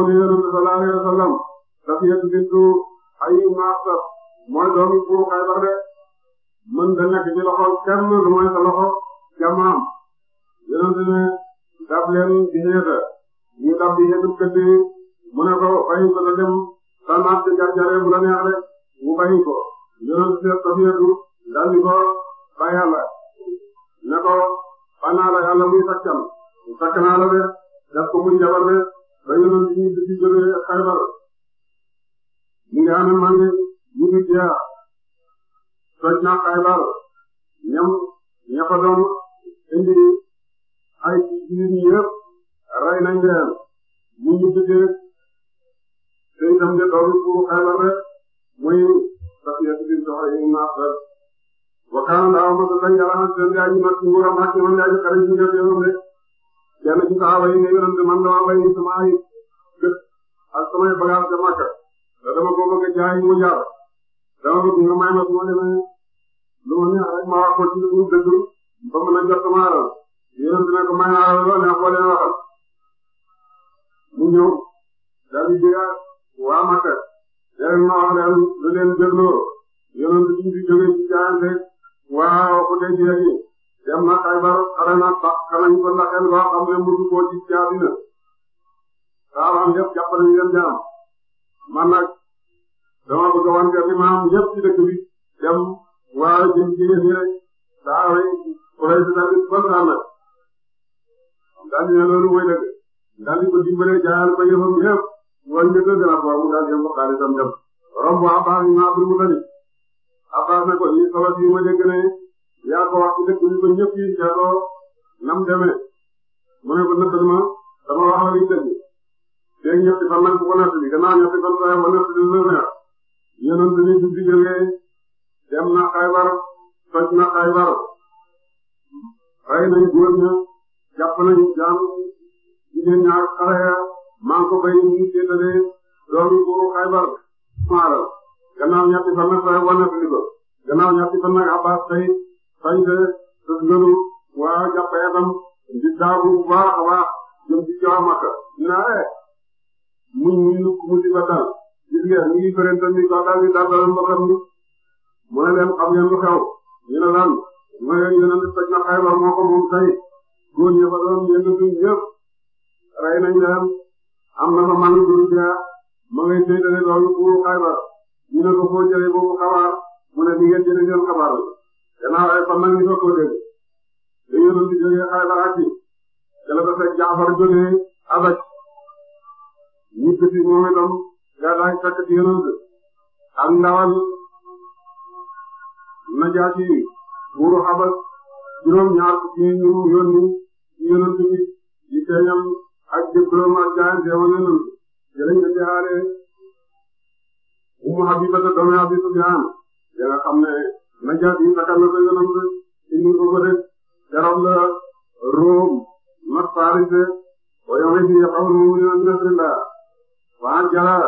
mën da nekk ci loxol kenn lu mooy sa loxo jamonoom yonent ne dab leen di xeeta ñu dab di xeetub këtt yi mu ne ko bañ ko da dem tànnaat ci jarjare bu la neex rek mu bañ ko yonent seet safiyatu dal di ko ba yàlla ne ko banaa la yàlla muy saccam sakk naa la de def ko muy jabar de ba yonent ñi di ci jóge xaybar mu ngi amee mànge ñu ngi jeex toj na Xaybar ñam ña fa doon indi ay jiir yëpp rey nañ leen mu ñu tuddee te itam de doon pour Xaybar rek muy Safiya bint Huyayy Nasr wa kaana Allahu masatan ja'ala seen gaa yi mag ci nguuram ak ñoom yaa ngi xale ci ñoom ñoom de kenn ci saaba yi ngay yonante man dama bay sama ay kët ak samay bagaas ca Makka da dama ko bëgg a jaay mu jaar dama bëgg nga may ma su ma demee lu ma neex rek ma wax ko ci lu dëgg ba mën a jot sama alal yéen dina ko may alal loo neex boo leen waxal mu ñëw daal di jégaat waa Makka léegi ma wax leen lu leen dégloo yéen a ngi fi jógee ci jaante waaw ku dee jeex yi dem na Xaybar xare na ba xanañ ko ndaxel boo xam ne mënu koo ci jaadina saabam yëpp jàpp nañu leen jaam man nag dama bëgg a wan gerte maam yëpp ci dëkk bi dem. waaw jëm ci yëf yi rek saa wey kuréel bi tamit kontaan na daal di ne loolu mooy dëgg daal di ko dimbalee jaayal ko yëfam yëpp wala ñu gën a boobu daal di yëngu xaalisam ñëpp. romb Abbas ñu naan mu tëddi Abbas ne ko lii sabab yi ma dégg ne yaa ko wax ci dëkk bi ba ñëpp yi seetoo nam demee mu ne ko nëkkal ma dama wax la li dëgg léegi ñëpp ci fan lañ ko ko nëkk bi gannaaw ñëpp ci fan lañ ko nëkk bi lu neex yéen a ngi leen di digalee. dem na Xaybar toj na Xaybar rey nañ góor ña jàpp nañ jaam jigéen ñaar xale ya man ko bay ñu séetalee doomi buuru Xaybar maaral gannaaw ñetti fan nag sax wane li ko gannaaw ñetti fan nag Abbas tey sañ te sës ngënu waa jàpp yatam di daagu bu baax a baax jëm ci coow Makka naa ee muñ muñ lu musiba dal gis ngeen ñu ngi fërante mi ko dal di dal dal mboxam ni mu ne leen xam ngeen lu xew ñu ne lan mu ne yonent toj na Xaybar moo ko moom tey góor ñi fa doon yëngatu ñëpp rey nañ leen am na fa man bu jaa ma ngay séddale loolu pour Xaybar ñu ne ko foo jëlee boobu xabaar mu ne di ngeen jëlee ngeen xabaar la gannaaw ay fan nag ñu Najaasi buuru Habas juróom ñaar fukki ñu yónni yonent bi ci feeñam ak jëbbam ak jaayanteewu yonent jëlañ indiwaale Ummu Habibata doomi Abi Sufyaan ya nga xam ne Najaasi sakal na ko yonent indi ko ko def jaram la Room mat Faaris wa yawma idhin yaqulu al-mu'minuna bi nasrillah wa ajala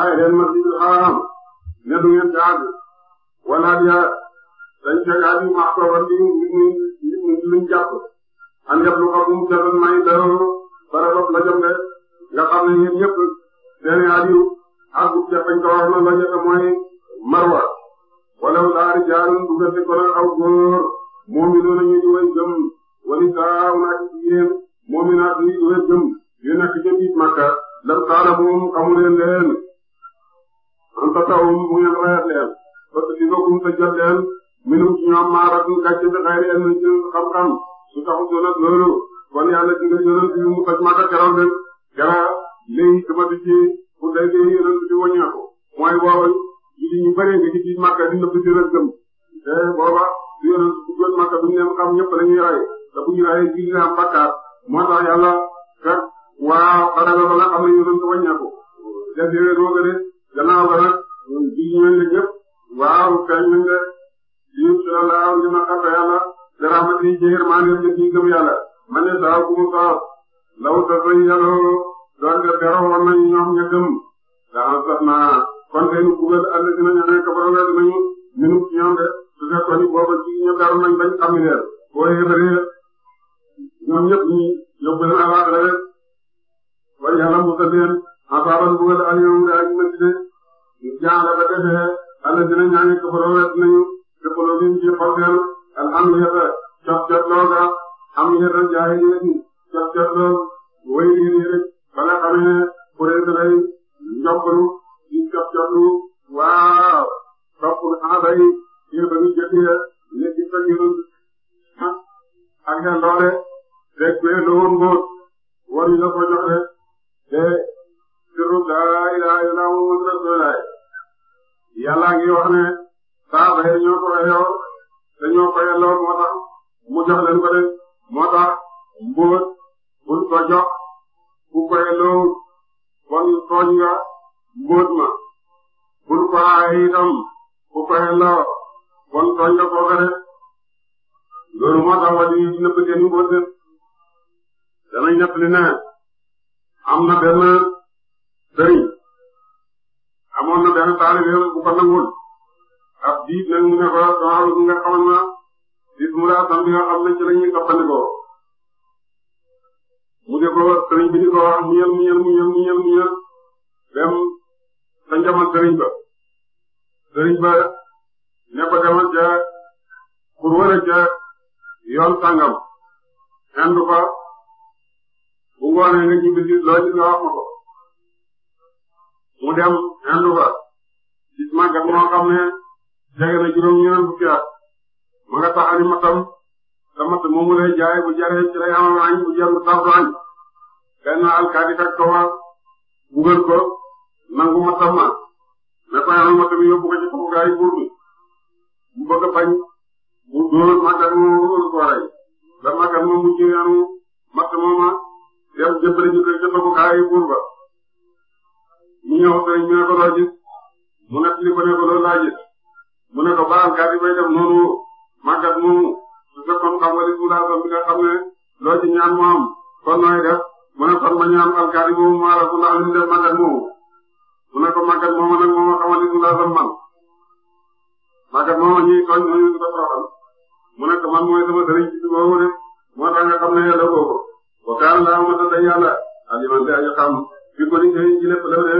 aaye leen masjidil haram ne du ngeen ca àgg wala biya dañ ca àgg maa ko war di luñ jàpp an yab lu xam mu jafan may dayoo bara bopp la jëm de nga xam ne ñun ñëpp seen aadi àgg jafañ ko wax na la jëfe mooy marwa wala wala rijaalun dugante ko aw góor mu'minuuna ñu di way gëm wani saa naa ci jigéen mu'minaat ñu di way gëm yu nekk ca biir Makka lam taalamu xamu leen leen an ta taw mu ngeen rayat leen ba si bokum ta jot leen minum ci ñoom maaratun gàcce bi xayri elmin ci xam-xam su taxu jonat loolu kon yàlla ci nga yonent bi mu faj màkka keroog de gara léegi tamati ci bu day dee yonent bi waññeeku mooy booba ji ñu bëree nga ci ci màkka di nëbb di rëggëm booba su yonent bu gën màkka duñu leen xam ñëpp dañuy ray te bu ñu rayee ji dina am bakkaar moo tax yàlla kat waa xarala ba nga xam ne yonent waññeeku def yooyu doo gën gannaaw ba nag jiw nañ la ñëpp waaw feeñ nañ la jiw si la laaw ñu na xafe yàlla te rahmati ci yërmaandeem la ci gëm yàlla ma ne saa ku mu soob law sa sa yàlla doon nga beroon nañ ñoom ña gëm daa sax naa kon tey nu bugal àll dina ñu nekk ba nawet nañu minut ñoom de su fekkoon ni boobu ci ñoom dara nañ bañ xam ni leen boo yëgalee ñoom ñëpp ñi yóbbu leen àll ba rek wala yàlla musal leen. asaaban bugal aliyoom daa ñu metti de jaala ba defee alla dina ñaañu kafaroo wet nañu te kolobin ci xol seen alhamiyata cox cox looga amiyata jaahiliyati cox cox loog way lii nii rek ba nga xamee kuréel lay njokkalu di cox lu waaw topp xaabay ngir ba ñu jëkkee nekk ci sa ngir ak seen doole fekk bee loo woon mbóot war ñu la ko jox de te sirru laa ilaaha illaa Muhammadu rasuulullaah yàlla ngi wax ne saaba yi ñoo ko yeyoo te ñoo ko yelloo moo mu jox leen ko de moo tax mbóot buñ ko jox bu tooñ nga mbóot ma buñ ko aaye itam bu ko yelloo kon tooñ nga kooka de loolu moo tax wàllu yi nëbb seen mbóot danañ nettali am na benn sëriñ amoon na benn taalibeem bu ko nanguwul ab diit nag mu ne ko dama bëgg nga xamal ma bis mu laa sant nga xam ne ci la ñuy toppandikoo mu ne ko sëriñ bi di ko wax muñal muñal muñal muñal muñal dem sa njaboot sëriñ ba sëriñ ba ne ko demal ca pour wala ca yoon sangam xendu ko bu ngoonee nga ñibbi si loo gis nga wax ko. mu dem indu fa gis màggat moo xam ne jege na juróom-ñeent fukki ma nga taxani matam te mat moomu lay jaay bu jaree ci lay amal añ bu jar bu taw du añ benn alkaati fekk ko wa bugal ko nangu matam ma ne ko amal matam yóbbu ko ci foofu buur bi mu bëgg a bañ mu dóor màggat moomu dóor ko rey da màggat moomu ci yanu mat mooma dem jëppale ñu ko ci foofu buur ba mu ñëw ba ñu ne ko loo ko ne ko loolu laa gis mu ne noonu màggat moomu su fekkoon xam nga mu laal bi nga xam ne loo ñaan mu am nooy def mu ne kon ma ñaan alkaati moomu maa la ko laal li mu def màggat moomu mu ne moomu nag moom xamal li mu laal man màggat moomu ñuy tooñ ñu ñu ko toroxal mu ne ko man mooy sama sëriñ ci boobu de moo tax nga xam ne yàlla boobu laa ma tëdd yàlla aliman bi gis nga ni njëriñ ci lépp def de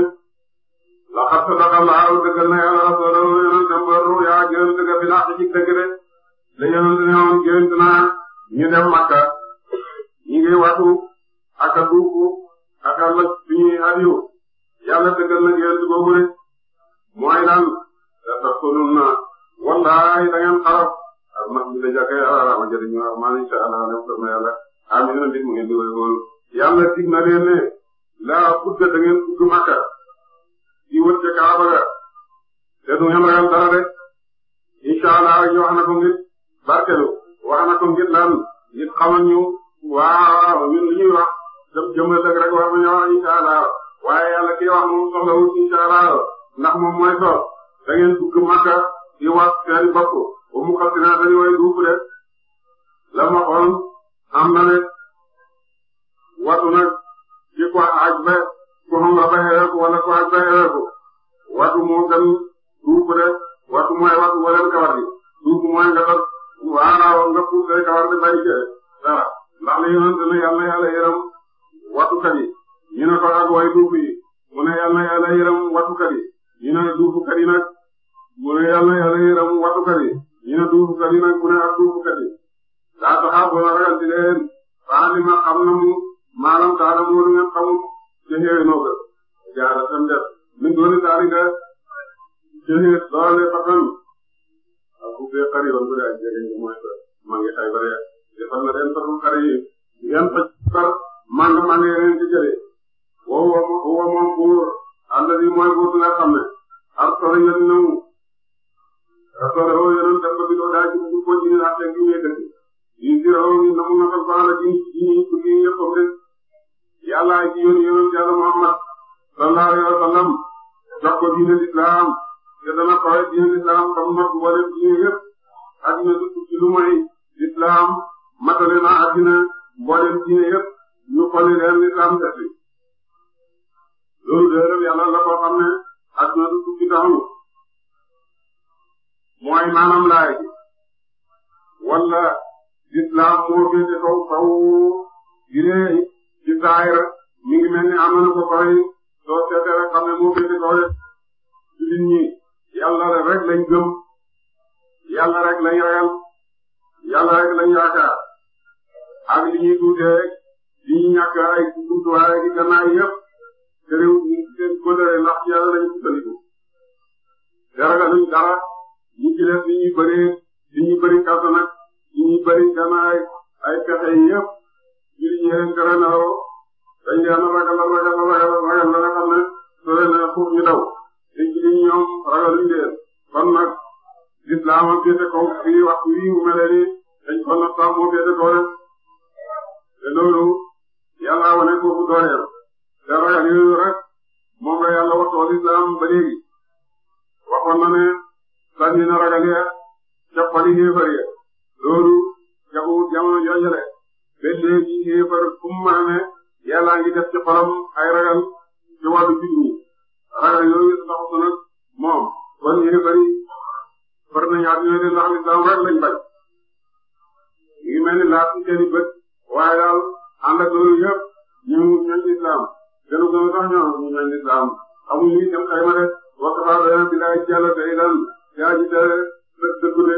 la xam sa daxal laa dëggal na yàlla la soo doon yonent dem ba ru yaa gën dëgg bi laa ci dëgg de la yonent ne woon gënt naa ñu dem Makka ñu ngi watu ak a duuk ak a lëkk suñuy adiw yàlla dëggal na gënt boobu de mooy lan da tax ko nun na wallaay da ngeen xarab al masjid jàkka yàlla la ma jëriñu wax maa insha Allah dem sama yàlla amin na ndig mu ngeen di woy woon yàlla dig na leen ne laa budda da ngeen dugg Makka di wër ca Kaaba ga te du ngeen ragal dara de incha allah ñu wax na ko ngir barkelu wax na ko lan nit xamal ñu waaw ñun li ñuy wax dem jëm ëllëg wax nañu wax incha allah waaye yàlla wax moom soxlawul incha allah ndax moom mooy soor da ngeen dugg Makka di wax seen bopp ba mu xas dinaa way duuf de la ma xool am na ne watu nag. ci ku aj ba ku xonga ba xeweeku wala ku aj ba xeweeku watu moo gën duub de watu mooy watu waleen kawar bi duub mooy nga def waaw nga puus say kawar bi bàyyi cee dara ndax li yonent ne yàlla yàlla yërëm watukat yi ñu ne ko ak way duub yi mu ne yàlla yàlla yërëm watukat yi ñu ne duufukat yi nag mu ne yàlla yàlla yërëm watukat yi ñu ne duufukat yi nag mu ne ak duufukat yi daa taxaw ba ragal ci leen faali ma xam na mu maanaam kaala mu woon ngeen xamul ci xëy noo ko jaara tam def min dooni taalika ci xëy lool ne fatan ak bu fee xari woon ko daal jege ñu mooy ko ma ngi tay bare defal na leen fatul xari yi ngeen faj tar man la man yeneen ci jëlee wow wow moom buur àll bi mooy buur bi nga xam ne ar sore yoon na mu ar sore woo yoon def ko bi doo daa ci bu ko ci ni naa fekk ñu yëkkati yi si raw ñu na mu nafal baala ji ji ñu ko ñu yëpp rek yàlla ci yónni yonent yàlla Muhammad sallallahu alayhi wa sallam jox ko diine lislaam te dana kawe diine lislaam comme mot wala diine yëpp addina ci lu mooy lislaam matale na addina mboolem diine yëpp ñu xolli leen lislaam def ci dërëm yàlla la koo xam ne addina du tukki taxul mooy maanaam laay wala lislaam moo féete kaw kaw diine ci zaahira mi ni am na lu ko koy rek xam ne moo féete kaw rek jullit ñi yàlla rek lañ gëm yàlla rek lañ ragal rek lañ yaakaar ak li tuutee li ñuy ay jumtuwaay ak gannaay yëpp te réew mi seen kóllëre ndax yàlla lañ sukkandiku te ragaluñ dara ñu ci def li ñuy bëree li ñuy bëri kàttan ak li ñuy bëri gannaay ay pexe yëpp. ngir ñeent gën a naroo dañ leen a ragal ragal ragal ragal la nga xam ne soo leen a xuuf ñu daw te ci li ñoom ragaluñ leen kon nag lislaam a féete kaw fii waxtu wii mu mel ni dañ ko na sax moo féete kaw rek te loolu yàlla wane foofu dooleel te ragal yooyu rek moom la yàlla waxtoo lislaam ba léegi waxoon na ne sànni na ragal ya ca xoli yéefar ya loolu jagu jamono joojale benn yéefar fu mu mën a ne yàllaa ngi def ci xolam ay ragal ci wàllu juddu ragal yooyu taxut nag moom kon yéefar yi far nañu àdduna de ndax lislaam rek lañ bañ yu mel ni laaj ci seen i bët waaye daal ànd ak loolu yëpp ñu ñooñ lislaam gënu gënu sax ñoo ñu ñooñ lislaam amuñu ñu dem xayma de waxtaan bi daal di laaj yàlla day daan yaa ji de dëkk dëkku de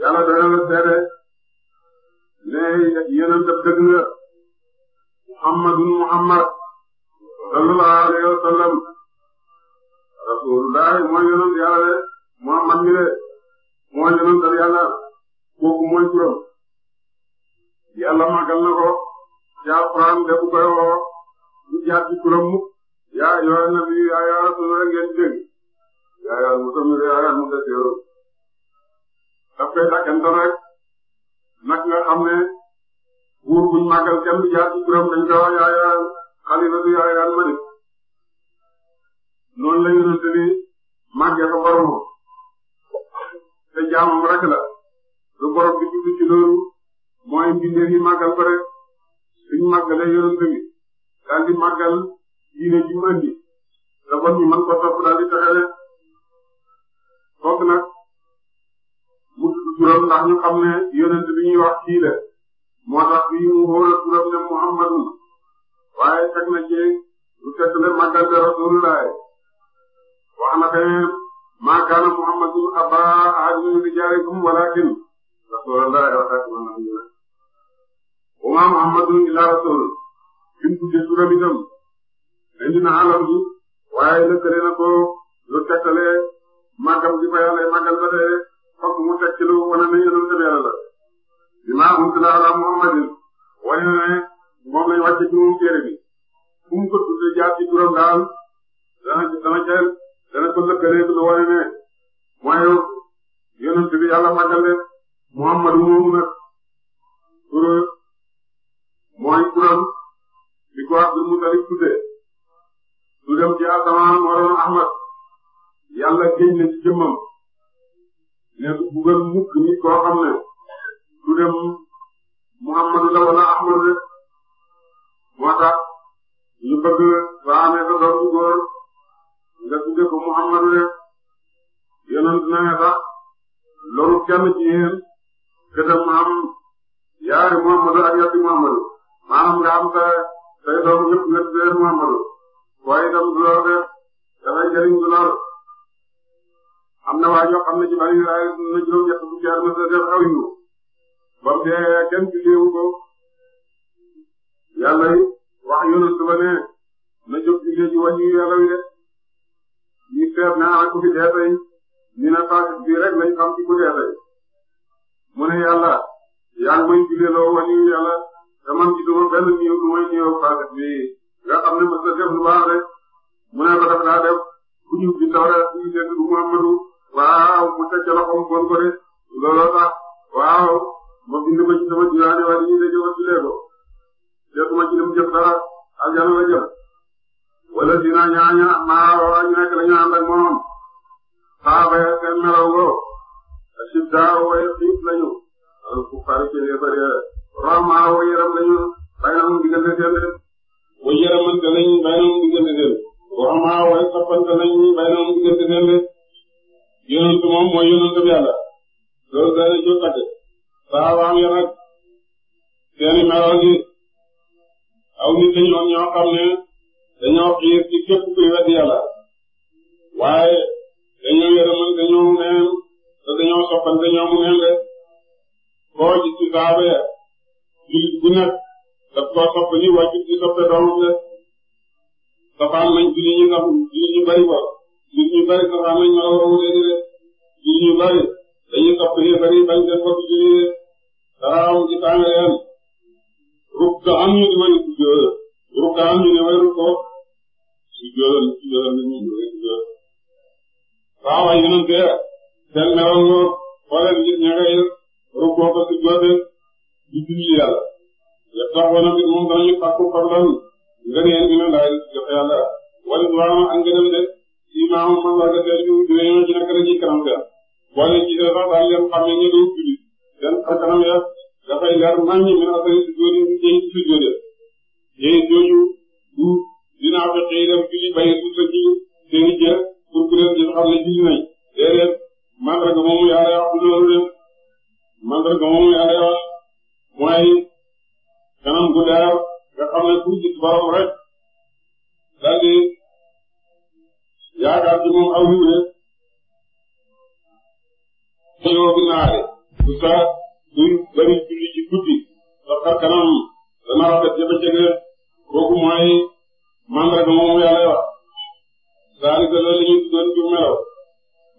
yàlla doy na la seede ne yeneen def dëgg nga muhammadun muhammad sallallahu alayhi wa sallam rasulullah mooy yonent yàlla de yàlla màggal leen Muhammadu moomu nag tur mooy turam di ko Abdul Mutalib tuddee su dem ci asamaan waroon Ahmad yàlla géñ ne du mukk nit koo xam ne su la wala Ahmadu la moo bëgg soo sa doom nga tudde ko Muhammadu na ne loru kenn ci yéen gëtam am yaari Muhammadu ak ñetti Muhammadu maanaam nga am sa say doom yëpp nga tuddee Muhammadu waaye itam du lor de dafay jëriñ du lor am na waa yoo xam ne ci bari ay na juróom-ñett bu jaar na sa def aw yu ba mu dee kenn julleewu ko yàlla yi wax yonent ba ne na jóg jullee ji wàññi yàlla wi de ñu seet naa ko fi dee tey ñu ne Fatou bii rek lañ xam ci guddi yàlla mu ne yàlla yaa ngi may julleloo wala yàlla te man ci duma benn nii lu may nii Fatou bii nga xam ne mos na def lu baax mu ne ko def naa def ku ñu bi tawra ku ñu dégg du Muhammadu waaw mu tëj la xaw bon ko de looloo tax waaw ma bind ma ci sama diwaan wala ñu dajoo ma jullee ko jotuma ci lu mu jëf dara ak maa waa ñu nekk dañoo ànd ak moom. saaba ya seen melaw ngoo ashiddaa way xiif lañu ku fari ci léefar ya ramaa way yaram lañu baynahum diggante seen de way yaramante lañ baynahum diggante seen ramaa way soppante lañ baynahum diggante seen de yonent moom mooy yonent bi yàlla aw yiw de te yoo sa bari julli ci guddi sa xar kanam dana rafet ca bëccëg kooku mooy mandarga moomu yàlla wax zaalika loolu la ñuy doon ci melaw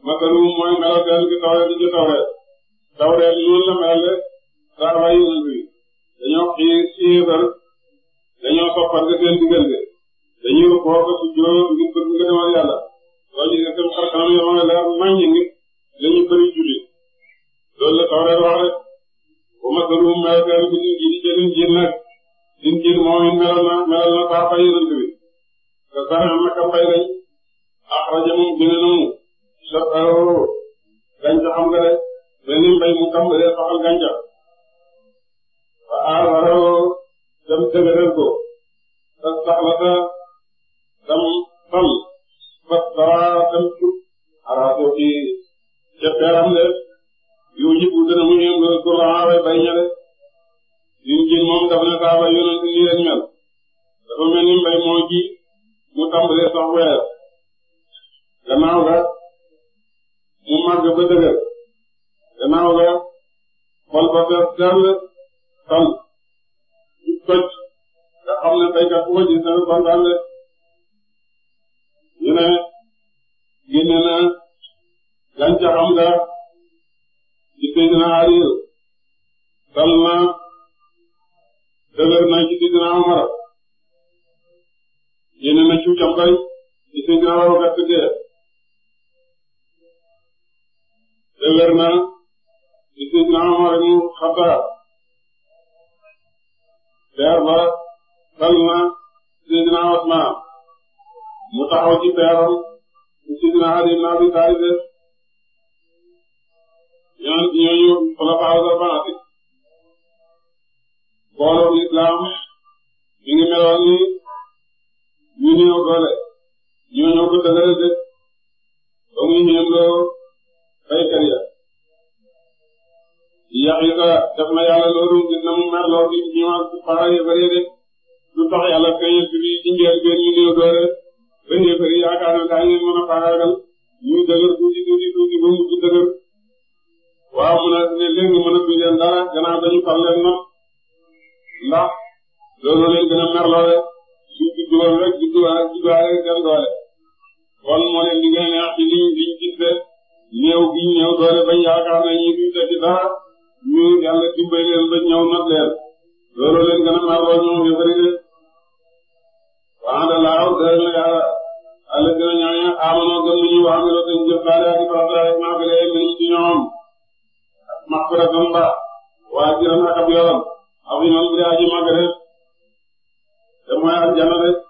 masalu mooy ngelaw teel gi tawreet di ci tawreet tawreet noonu la mel de saa waay yonent bi dañoo xii xéefar dañoo soppante seen diggante dañuy rukkoo ko su jóor ngir bëgg nga demal yàlla wàññi ne seen xar kanam yoo xam ne leer naññ nit dañuy bëri julli loolu la tawreet wax rek bu masaluhum melokaanu bi ñu jiitu ca liñ jiit nag liñ jiit moom it melal na melal na saa fay yonent bi te sax am na ka fay lañ axraja moom gën a nangu shaqahu gàncax xam nga de benn mbay mu tàmbalee saxal gàncax ba aar waroo dem dëgëral ko te saxlata dem fal. fas dara tamit araatoo ci ca peram de yu ñibbu dana mu yëngu saxaaba bay ña de yu moom daf ne saxaaba yonent nii lañ mel dafa mel ni mbay moo mu tàmbalee sax weer ga mu màgg ba dëgër gannaaw ga xol ba fees dell fan toj nga xam ne baykat bu ko gis dana kontaan de ñu ne génne na gàncaxam nga ci Seydina Aliyu dal na dëgër na ci Seydina Umar génne na cuucam kay ci Seydina Abubakar Siddiq dëgër na ci Seydina Umar ibn Xattaab leer ba dal na Seydina Usmaan mu taxaw ci peeram sidina Ali ibn Abi Talib ñooñu xulafaa al-arba'a booloo lislaam mi ngi meloon ni ñu néew doole ñoo de ba muy loo baykat ya Yaxya def na yàlla loolu dina mu mer lool di ñëwaat su faara yi lu tax yàlla feeñal ci ci njëlbeen ñu néew doole ba yéefar yi yaakaar ne mën a faagaagal ñuy dëgër tuuti tuuti tuuti ba mujj dëgër waaw mun a ne léegi mën a tuñ leen dara gannaaw dañu fal leen not ndax loolu gën a merloole su judduwoon rek judduwaale judduwaale seen doole kon moo leen di gën a liñ liñ gis de ñëw gi ñëw doole bañ yaakaar ne ñu duñ tekki ñu yàlla dimbali leen ba ñëw not leen loolu gën a merloo ñoom yëfari de faanda laaw gërëm wax nga doon jëf baale ak i faram laay maa ngi max ko defam ba waa jiran ak ab yoram ak ñoom bi aji